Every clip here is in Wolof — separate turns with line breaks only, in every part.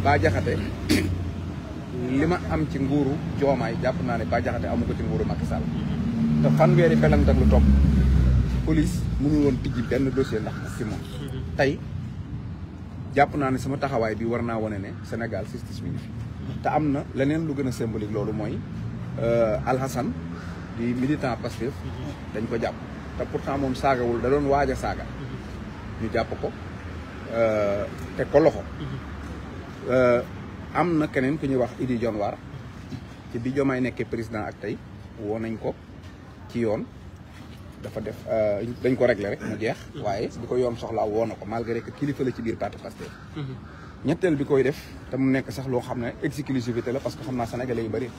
Bah Diakhaté li ma am ci nguuru joomaay jàpp naa ne Bah Diakhaté amu ko ci nguuru Macky Sall te fanweeri felang tak lu topp police mënul woon tijji benn dossier ndax si moom tey jàpp naa ne sama taxawaay bi war naa wane ne Sénégal justice mi ngi fi te am na leneen lu gën a symbolique loolu mooy euh, Alhassane di militant Pastef dañ ko jàpp te pourtant moom saagawul da doon waaj saaga ñu jàpp ko euh, te ko loxo Euh, am na keneen ku ñuy wax Idi John War ci bi Diomaye nekkee président ak tey woo nañ ko ci yoon dafa def euh, dañ ko réglé rek mu jeex. waaye bi ko yoon soxlaa woo na ko malgré que kilifa la ci biir parti Pastef. Mhm. ñetteel bi koy def te mu nekk sax loo xam ne te la parce que xam naa sénégalais yu bëri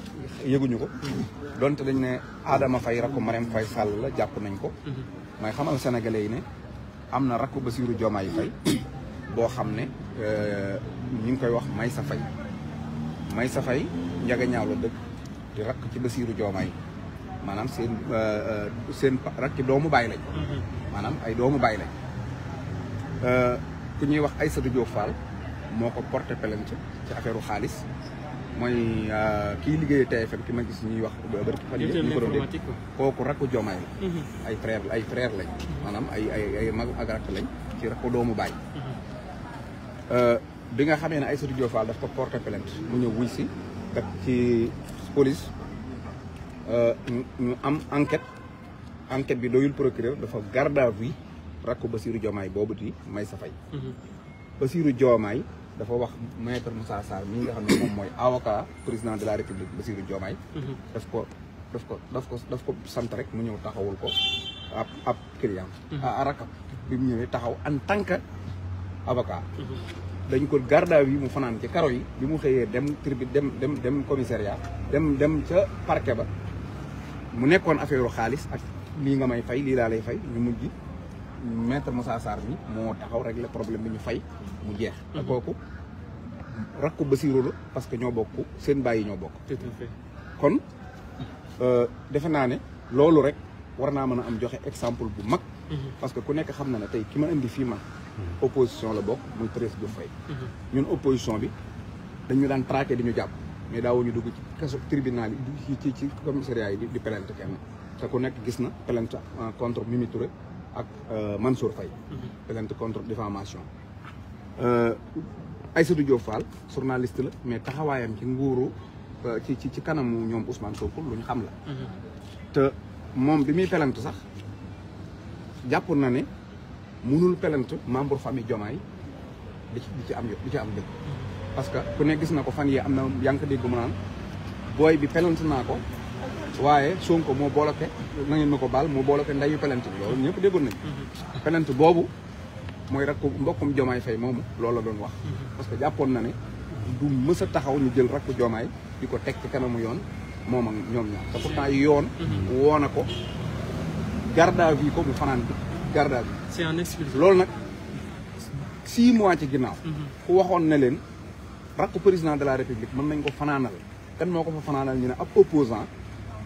yëguñu ko. Mhm. donte dañ ne Adama Faye rakku Marème Faye Sall la jàpp nañ ko. Mhm. may xamal sénégalais yi ne am na rakku Bassirou Diomaye Faye boo xam ne. Euh, ñu ngi koy wax Maysa Faye Maysa sa fay ñaaw la dëkk di rakk ci Basiiru Joomaay maanaam seen euh, euh, seen rakk ci doomu baay lañ maanaam ay doomu baay lañ ku ñuy wax Aïssatou Diop Fall moo ko porte plainte ci affaire xaalis mooy kii liggéey TFM ki ma gis ñuy wax bërki fan ñu ko doon dégg kooku rakku Joomaay mhm. ay frère ay frère lañ maanaam ay ay ay mag rakk lañ ci rakku doomu baay mhm. Euh, bi nga xamee ne Aïssatou Diop Fall daf ko porté plainte mu ñëw wuy si kat ci police euh, ñu am enquête enquête bi doyul procureur dafa garde à vue rakku Bassirou Diomaye boobu di Maysa Faye mm-hmm. Bassirou Diomaye dafa wax maître Moussa Sarr mi nga xam moom mooy avocat président de la république Bassirou Diomaye mm-hmm. daf ko daf ko daf ko sant rek mu ñëw taxawul ko ab ab client mm-hmm. a rakab bi mu ñëwee taxaw en tant que avocat mhm. dañ ko garde à mu fanaan ci karo yi bi mu xëyee dem tribunal dem dem dem commissariat dem dem ca parquet ba mu nekkoon affaire xaalis ak lii nga may fay lii laa lay fay ñu mujj maître Moussa Sarr mi moo taxaw régler problème bi ñu fay mu jeex mhm. te kooku rakku Basirou la parce que ñoo bokk seen bàyyi ñoo bokk kon euh, defe naa ne loolu rek war naa mën a am joxe exemple bu mag mhm. parce que ku nekk xam na ne tey ki ma indi fii man Mm-hmm. opposition la bokk muy Thérèse Diouf Faye
mm-hmm.
ñun opposition bi dañu daan traqué di ñu jàpp mais daawuñu dugg ci kaso tribunal ci ci commissariat yi di plainte kenn te ku nekk gis na plainte euh, contre Mimi ak euh, Mansour Faye mm-hmm. plainte contre diffamation euh, Aïssatou Diop Fall journaliste la mais taxawaayam ci nguuru ci ci ci kanamu ñoom Ousmane Sonko lu ñu xam la te moom bi muy plainte sax jàpp na ne mënul pelant membre famille Diomaye di ci am di ci am dëgg parce que ku ne gis na ko fan yii am na yaa ngi ko dégg mu naan booy bi pelant naa ko waaye Sonko moo booloke na ngeen ma ko baal moo booloke ndayu pelant bi loolu ñëpp déggoon nañ mhm. pelant boobu mooy rakku mbokkum Diomaye Faye moom loolu la doon wax mhm. parce que jàppoon na ne du mës a taxaw ñu jël rakku jomaay di ko teg kenamu yoon moom ak ñoom ñaar te pourtant yoon mhm. woo na ko garde à vue ko mu fanaan garde à vue c'est loolu nag six mois ci ginnaaw mhm. ku waxoon ne leen rakku président de la république mën nañ ko fanaanal kan moo ko fa fanaanal ñu ne ab opposant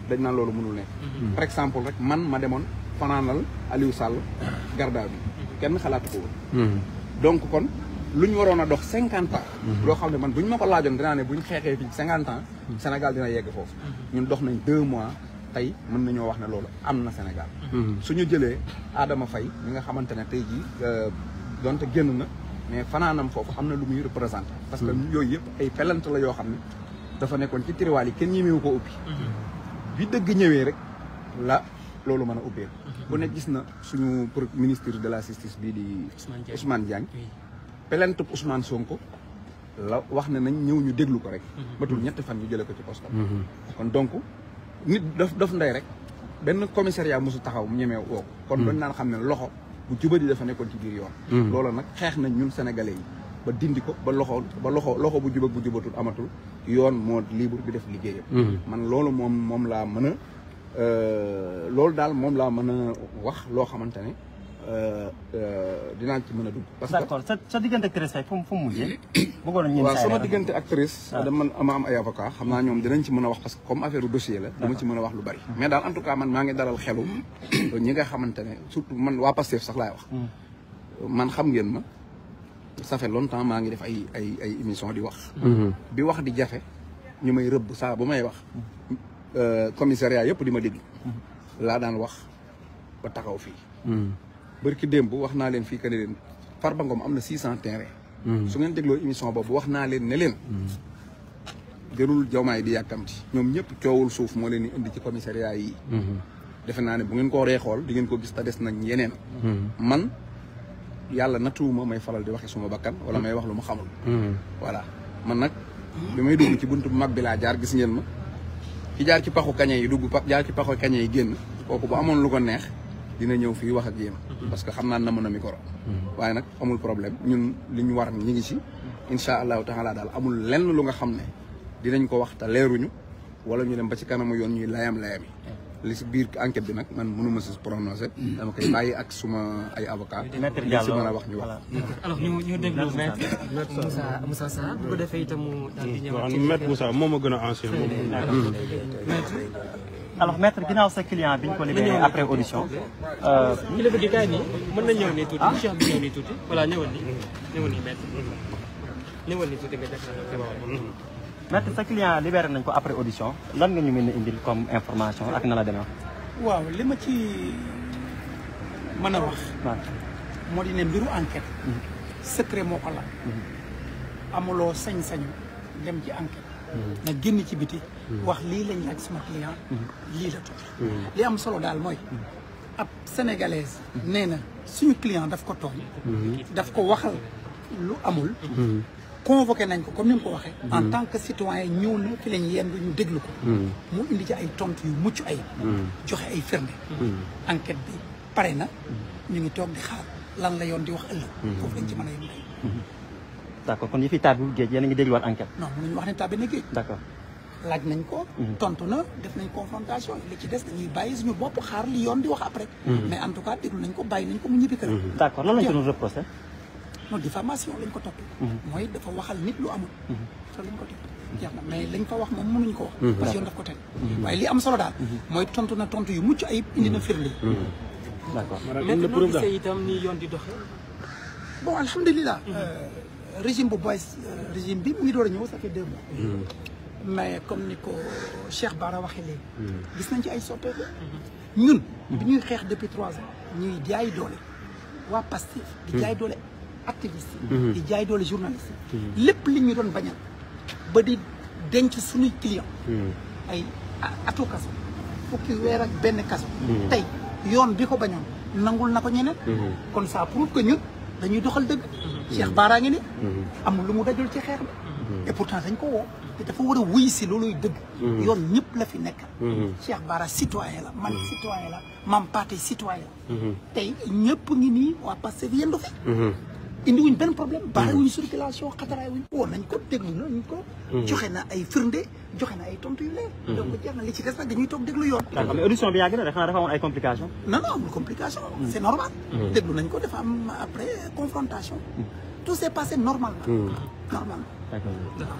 dañ naan loolu mënul nekk mhm. par exemple rek man ma demoon fanaanal Aliou Sall garde kenn xalaatu ko woon mhm. donc kon lu ñu waroon a dox cinquante ans loo xam ne man bu ñu ma ko laajoon dinaa ne bu ñu xeexee fii cinquante ans Sénégal dina yegg foofu ñun dox nañ deux mois tey mën nañoo wax ne loolu am na Sénégal mhm. suñu jëlee Adama fay mi nga xamante ne tey jii euh, donte génn na mais fanaanam foofu am na lu muy représenté parce que mhm. yooyu yëpp ay pelante la yoo xam ne dafa nekkoon ci tiriwaal yi kenn ñemewu ko ubbi mhm. bi dëgg ñëwee rek la loolu mën a ubbeeku ku ne gis na suñu ministre de la justice bii di Ousmane Diagne pelante Ousmane Sonko la wax ne nañ ñëw ñu déglu ko rek matul ñetti fan ñu jële ko ci poste kon donc nit daf dof nday rek benn commissariat mosu taxaw mu ñemee woo kon hmm. dañ naan xam ne loxo bu jubadi dafa nekkoon ci yoon hmm. loolu nag xeex nañ ñun sénégalais yi ba dindi ko ba loxo ba loxo loxo bu jubag bu jubatul amatul yoon moo libre bi def liggéeyam hmm. man loolu moom moom laa mën a euh, loolu daal moom laa mën a wax loo xamante ne Euh, euh, dinaa ci mën a dugg. parce que d'accord
sa sa diggante actrice tey fu mu fu mu mujjee.
bëggoon nañu sama diggante actrice. waaw ah. am ay avocat xam naa ñoom dinañ ci mën a wax parce que comme affaire dossier la. dama ci mën a wax lu bari. mais daal en tout cas man maa ngi dalal xelu ñi nga xamante ne surtout man waa Pastef sax laay wax. Hmm. man xam ngeen ma. ça fait longtemps maa ngi def ay ay émission di wax. bi hmm. wax di jafe ñu may rëbb saa ba may wax. Euh, commissariat yëpp di ma dégg.
Hmm.
laa daan wax ba taxaw fi bërki démb wax naa leen fii que ne leen Farba Ngom am na 600 terrain. Hmm. su ngeen dégloo émission boobu wax naa leen ne leen. Hmm. jërul jomaay bi yàkkamti ñoom ñëpp coowul suuf moo leen di indi ci commissariat yi. Hmm. defe naa ne bu ngeen ko reexool di ngeen ko gis te des nañ yeneen. man yàlla natuwuma may faral di waxe suma bakkan wala may wax lu ma xamul. voilà man nag bi may dugg ci bunt bu mag bi laa jaar gis ngeen ma. ki jaar ci paxu kañe yi dugg jaar ci paxu kañe yi génn kooku bu lu ko neex. dina ñëw fii wax a yéen. Mhm. parce que xam naa na mën a micro. Mhm. waaye nag amul problème ñun li ñu war ñi ngi ci. incha allahu taala daal amul lenn lu nga xam ne dinañ ko wax te leeruñu wala ñu dem ba ci kanamu yoon ñuy layam layam yi. li si biir enquête bi nag man mënuma si prononcé. Mhm. dama koy bàyyi ak suma ay avocat li si mën a wax ñu wax.
alors ñu ñu déglu Moussa
Moussa Sarr bu ko defee itam mu daal di ñëwaat. Maître moom a gën a ancien moom. alors maître ginaaw sa client bi ñu ko libéré après audition. kilifa euh, mën na ñëw nii tuuti. ah cheikh bi ñëw nii tuuti voilà ñëwal nii. sa client libéré nañ ko après audition lan nga ñu mën a indil comme information ak na la demee. waaw li ma ci mën a wax. moo di ne mbiru enquête. Mhm. secret moo ko la. Mhm. amuloo sañ-sañu dem ci enquête. Mhm. na génn ci biti. wax lii lañ laaj sama client mhm. lii la tudd mhm. li am solo daal mooy mhm. ab sénégalaise nee na suñu client daf ko tooñ daf ko waxal lu amul convoqué nañ ko comme ni mu ko waxee en tant que citoyen ñëw na fi lañ yendu ñu déglu ko mu indi ci ay tontu yu mucc ay joxe ay firnde enquête bi pare na ñu ngi toog di xaar lan la yoon di wax ëllëg foofu lañ ci mën a yem day d' accord kon yi fi taabul géej yéen ngi dégluwaat enquête non mënuñu wax ne taabi na géej d' laaj nañ ko. Mhm. tontu na def nañ confrontation li ci des dañuy bàyyi suñu bopp xaar li yoon di wax après. Mhm. mais en tout cas déglu nañ ko bàyyi nañ ko mu ñibbi kër. Mhm. d' accord lan ko doon mooy dafa waxal nit lu amul. te lañ ko jeex na mais lañ fa wax moom mënuñ ko wax. parce yoon daf ko teg. waaye li am solo daal. mooy tontu na tontu yu mucc ayib indi na firnde. d' accord maanaam noo gisee itam ni yoon di doxee. bon alhamdulilah. Euh, régime bu boy euh, régime bi mu ngi door a ñëw ça fait deux mois. mais comme ni ko Cheikh Bara waxee léegi. Hmm. gis nañ ci ay soppeeku. ñun. bi ñuy xeex depuis trois ans. ñuy jaay doole waa Pastef. di hmm. jaay doole activiste yi. Hmm. di jaay doole journaliste yi. lépp li ñu doon bañal ba di denc suñuy client ay atu kaso fukki weer ak benn kaso. tey yoon bi ko bañoon nangul na ko ñeneen. kon ça prouve que ñun. dañuy doxal dëgg. Mhm. Cheikh Bara ngi ni. Mhm. amul lu mu dajul ci xeex bi. Mhm. et pourtant dañ ko woo. te dafa war a wuy si looluy dëgg. yoon ñëpp la fi nekk. Cheikh Bara citoyen la man citoyen la mam Pathé citoyen la. tey ñëpp ngi ni waa Pastef yendu fi. indiwuñ wuñ benn problème mm. bare wuñ circulation oh, xataraay wuñ woo nañ ko déglu nañ ko mm. joxe na ay firnde joxe na ay tontu yu leer mm. donc jeex li ci des dañuy toog déglu yoon mais audition bi yàgg na dafa amoon ay complication non non amul complication c'est
normal déglu nañ ko dafa am après confrontation tout s'est passé normalement normalement